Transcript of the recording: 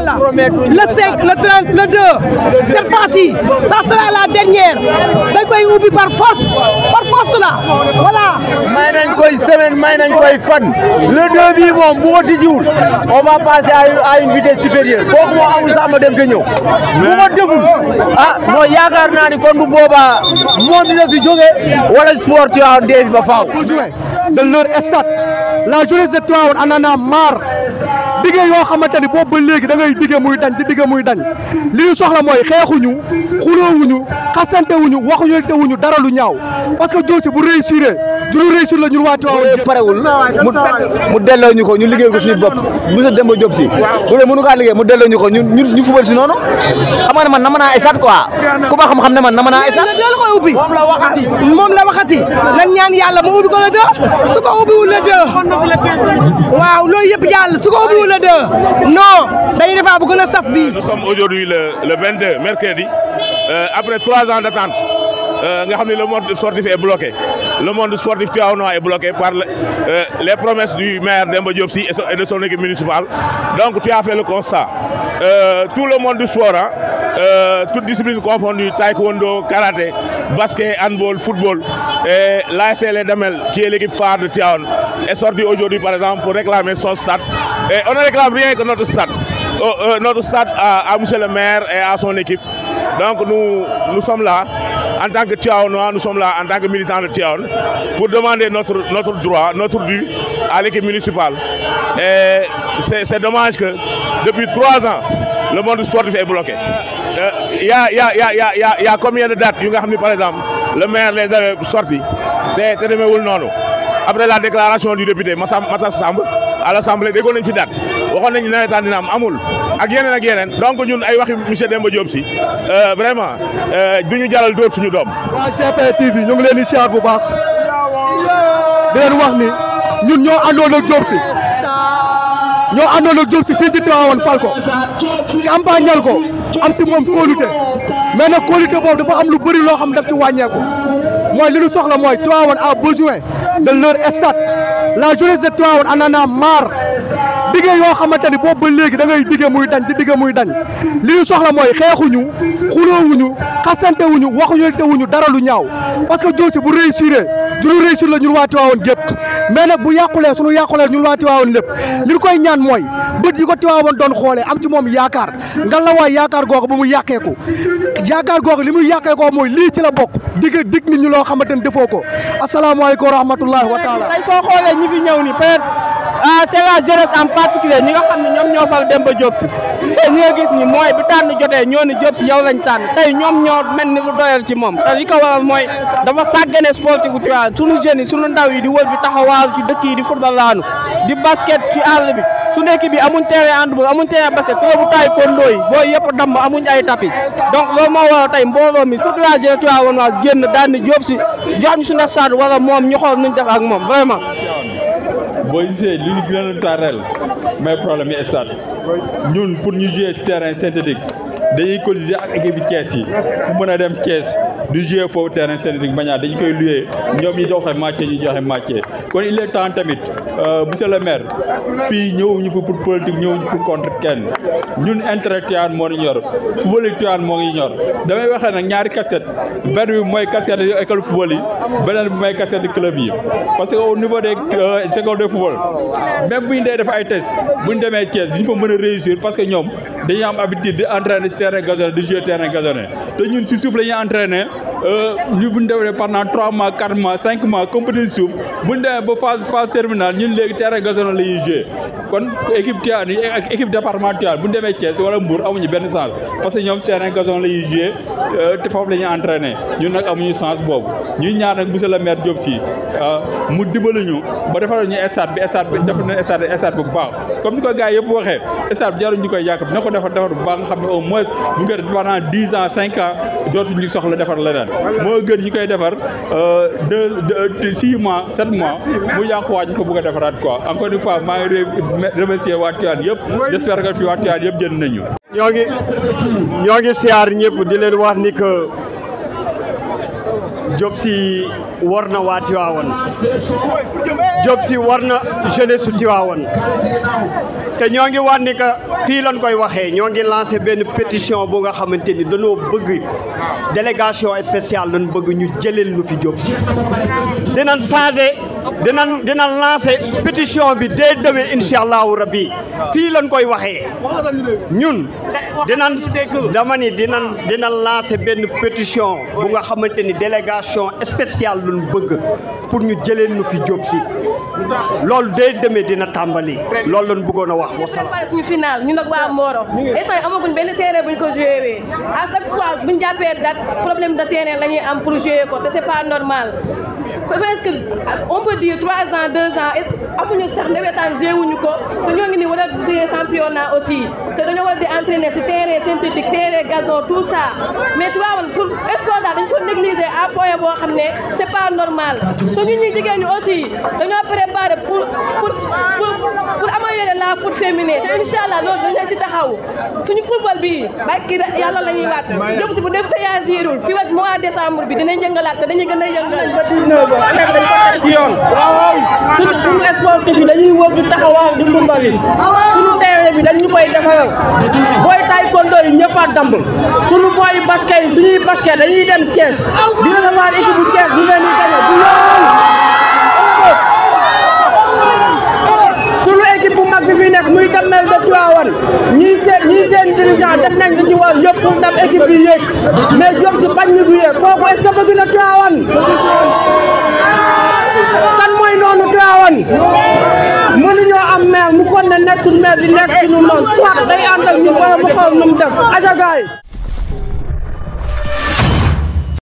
allah le 5 le 30 le 2 cette fois la dernière dañ koy ubbi par force par force la voilà. may nañ koy semaine may nañ koy fan le 2 bii moom bu ko tijjiwul on va passer à une vitesse supérieure moo amul sax ma dem te ñëw bu ma deful ah mooy naa ni kon bu boobaa moom dina fi jóge wala sport ci waaw dee ba faaw. de leur stade la jeunesse de Tivaouane en a marre. dige yoo xamante ni boobu ba léegi da ngay dige muy dañ di dige muy dañ li ñu soxla mooy xeexuñu xuloowuñu xasantewuñu waxuñu dara lu ñaaw parce que Diop si bu réussir juru réussir la ñun waa Tivaouane yëpp parewul mu delloo ñu ko ñu liggéey ko suñu bopp monsieur Demba Diop si bu dee mënu kaa liggéey mu delloo ñu ko ñun ñu ñu fubal si noonu xam nga ne man nama naa esat ku ma xam-xam ne man nama naa esat loolu koy ubbi moom la waxati moom la waxati nañ ñaan yàlla mu su ko ubbiwul la dë waaw loolu yëpp yàlla su ko le 2 non dañuy defaat bu gën a saf bii. nous sommes aujourd'hui le le 22 mercredi euh, après trois ans d'attente euh, nga xam le monde sportif est bloqué le monde sportif tivaouanois est bloqué par le, euh, les promesses du maire Demba Diop et de son équipe municipale donc tu as fait le constat euh, tout le monde du sport ah euh, toutes disciplines confondues taekwondo karaté. basket, handball, football. Et eh, l'ASC Les Damel, qui est l'équipe phare de Tiaon, est par exemple pour réclamer son stade. Et eh, on ne réclame rien que notre stade. Oh, euh, à, à le maire et à son équipe. Donc nous, sommes là en tant que Tiaonois, nous sommes la en tant que militants de Tiaon pour demander notre, notre droit, notre dû à l'équipe municipale. Et eh, c'est dommage que depuis trois ans, le monde sportif est bloqué. y a y a y a y a a a combien de dates yu nga xam ni par exemple le maire les avait te te demeewul noonu après la déclaration du député Massa Massa à l'assemblée déggoon nañ fi date waxoon nañ nawetaan dina amul ak yeneen ak yeneen donc ñun ay waxi monsieur Demba Diop si euh, vraiment euh, du ñu jaral dóor suñu doom. waa GP TV ñu ngi leen di wax ni ñun ñoo àndoon ak ñoo àndoon ak si fii ci Tivaouane fal ko campagnal ko am si moom kóolute mais na kóolute boobu dafa am lu bëri loo xam daf ci wàññeeku mooy li ñu soxla mooy Tivaouane a besoin de leur stade la jeunesse de Tivaouane en a marre diggee yoo xamante ni boobu ba léegi da ngay diggee muy dañ di diggee muy dañ li ñu soxla mooy xeexuñu xuloowuñu xasantewuñu waxuñu dara lu ñaaw parce que Diop si bu réussir duñu réussir la ñun waa Tiwaawoon gépp mais nag bu yàqulee suñu yàqulee ñun waa Tiwaawoon lépp li ñu koy ñaan mooy bët yi ko Tiwaawoon doon xoolee am ci moom yaakaar ngan la waay yaakaar googu ba mu yàqeeku yaakaar googu li muy yàqeekoo mooy lii ci la bokk digg dig nit ñu loo xamante ni defoo ko asalaamaaleykum wa rahmatullahi wa taala tey soo c'est ah, la jeunesse en particulier ñi nga xam ne ñoom ñoo fal Demba Diop si ñi nga gis ni mooy bu tànn jotee ñoo ni Diop si yow lañ tànn tey ñoom ñoo mel ni lu doyal ci moom te li ko waral mooy dafa sàggane sportif bu Tivaouane suñu jeunes yi suñu yi di wër bi taxawaalu ci dëkk yi di football laanu di basket ci àll bi su nekk bi amuñ terrain handball amuñ terrain basket trop bu taay kondo booy yëpp damm amuñ ay tapis donc loolu moo waral tey mbooloo mi toute la génn daal di Diop si jox ñu suñu stade wala moom ñu xool ak moom vraiment boo gisee li ñu gën a tàrreel may problème yi ñun pour ñu jouer si terrain synthétique dañuy cotiser ak équipe bi Thiès yi ku mën a dem Thiès du jouer foofu terrain synthétique bañaa dañu koy louer ñoom ñi joxe match ñu joxe match kon il temps tamit euh, monsieur le maire fii ñëwuñu fi pour politique ñëwuñu fi contre kenn ñun intérêt Tivaouane moo ñu ñor football yi moo ngi ñor damay waxee nag ñaari casquette benn bi mooy casquette yu école football yi bi mooy casquette yu club yi parce que au niveau des euh, écoles de football même bu ñu dee def ay bu ñu demee Thiès duñ fa mën a réussir parce que ñoom dañuy am habitude di entraîner si terrain gazonné di jouer terrain gazonné te ñun si suuf la ñuy euh, ñu bu ñu defee pendant trois mois quatre mois cinq mois compétition suuf bu ñu wala Thiès wala Mbour amuñu benn sens parce que ñoom terrain gazon la ñuy joué euh, te foofu la ñuy entraîné ñun nag amuñu sens boobu ñuy ñaan nag monsieur le maire Diop si euh, mu dimbali ñu ba defaral ñu stade bi stade bi defal na stade stade bu baax comme ni ko gars yëpp waxee stade bi jaruñu ñu koy def pendant ñu koy defar euh, deux mois sept mois mu yàquwaat ñu ko bëgg a defaraat quoi encore une fois maa ngi remercier waa Tivaouane yëpp j'espère que fi waa Tivaouane yëpp jënd nañu. ñoo ngi siar ngi siyaar ñëpp di leen wax ni que Diop Sy war na waati waawoon Diop si war na jeunesse su Tivaouane te ñoo ngi wax ni que fii lañ koy waxee ñoo ngi lancé benn pétition bu nga xamante ni dañoo bëgg délégation spéciale lañ bëgg ñu jëleel lu fi Diop Sy dinañ changé dinañ dinañ lancé pétition bi dès demain incha allahu rabbi fii lañ koy waxee ñun dinañ dama ni dinañ dinañ lancé benn pétition bu nga xamante ni délégation spéciale lañ bëgg pour ñu jëleel lu fi Diop si loolu day demee dina tàmbali loolu lañ buggoon a wax wa salaam. ñu suñu final ñu nag waa Mboro instant yi amaguñ benn terrain buñ ko joué à chaque fois buñ jàppee date problème de terrain la ñuy am pour ko te c'est pas normal. presque euh, on peut dire trois ans deux ans est amuñu sax nawetaan jéewuñu ko te ñoo ngi ni war a jouer championnat aussi te dañoo war di entraîner si terrain synthétique terrain gazon tout ça mais Tivaouane pour sport daal dañ ko négliger à point boo xam ne c'est pas normal te ñun ñu jigéen ñi aussi dañoo préparer pour pour pour projet de la foot féminin te incha allah loolu dañ leen ci taxaw suñu football bi barki yàlla la ñuy waat jëm si bu def te yaa ziirul fii wàcc mois décembre bi dinañ yëngalaat te dañuy gën a yëngal ba 19 ans affaire dañ ko teg ci yoon suñu sportif yi dañuy wër di taxawaaw di football suñu terrain bi dañu koy defaral booy taekwondo yi ñëpp a suñu booy basket yi suñuy dem Thiès di recevoir équipe bu Thiès di leen di gañe bu yoon ñi seen dirigeant def nañ li ci war yëpp pour dam équipe bi yéeg mais Diop si na Tivaouane kan mooy noonu Tivaouane mënuñoo am maire mu kon ne nekk suñu maire di nekk suñu noonu soit day ànd ak ñun mu xool nu mu ajagaay